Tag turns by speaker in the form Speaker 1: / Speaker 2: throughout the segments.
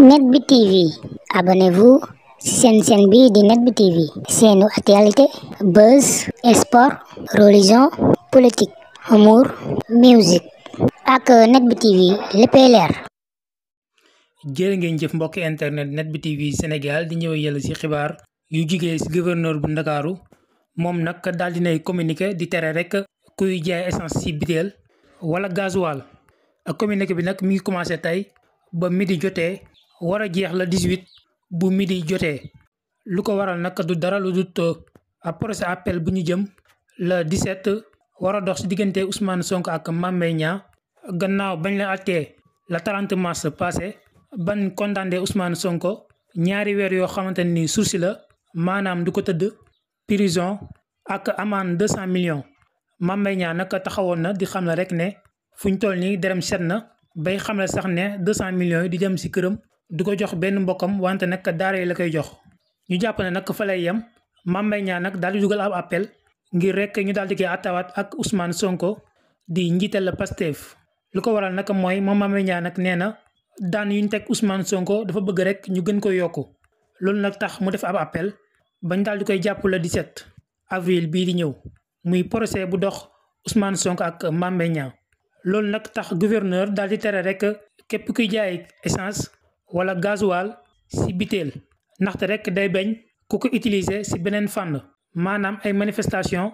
Speaker 1: net bi tv abonnez-vous seen seen bi di net bi tv seenu actualité buzz sport religion politique humour musique ak net bi tv léppay leer
Speaker 2: jërë ngeen jëf mbokk internet net bi tv sénégal di ñëw yàlla ci xibaar yu jugee ci gouverneur bu ndakaaru moom nag daldi dinay communiqué di tere rek kuy jaay essence ci biteel wala gasoil communiqué bi nag mi ngi commencé tey ba midi jotee war a jeex la 18 bu midi jotee lu ko waral nag du dara lu dut ab procès appel bu ñu jëm le 17 war a dox si diggante usmaan Sonko ak Mame Mbaye gannaaw bañ la attee le 30 mars passé ban condamné Ousmane Sonko ñaari weer yoo xamante ni sursis la maanaam du ko tëdd prison ak amende 200 millions Mame Mbaye Niang nag taxawoon na di xam la rek ne fu toll nii derem set na bay xam la sax ne 200 million yi di dem si këram du ko jox benn mbokkam wante nag daara yi la koy jox ñu jàpp ne nag fa lay yem Mame nag daal di dugal ab appel ngir rek ñu daal di koy attawaat ak Ousmane Sonko di njiital la Pastef lu ko waral nag mooy moom Mame Mbaye Niang nag nee na daan yuñ teg usmaan Sonko dafa bëgg rek ñu gën ko yokku loolu nag tax mu def ab appel bañ daal di koy jàpp le 17 avril bii di ñëw muy procès bu dox Ousmane Sonko ak Mame Mbaye loolu nag tax gouverneur daal di tere rek képp kuy jaay wala gasoil ci biteel ndaxte rek day bañ ku ko utiliser ci beneen fànn maanaam ay manifestation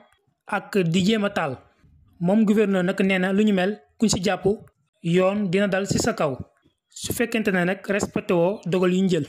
Speaker 2: ak di jéem a taal moom gouverneur nag nee na lu ñu mel kuñ ci jàpp yoon dina dal ci sa kaw su fekkente ne nag respecté dogal yu ñu jël.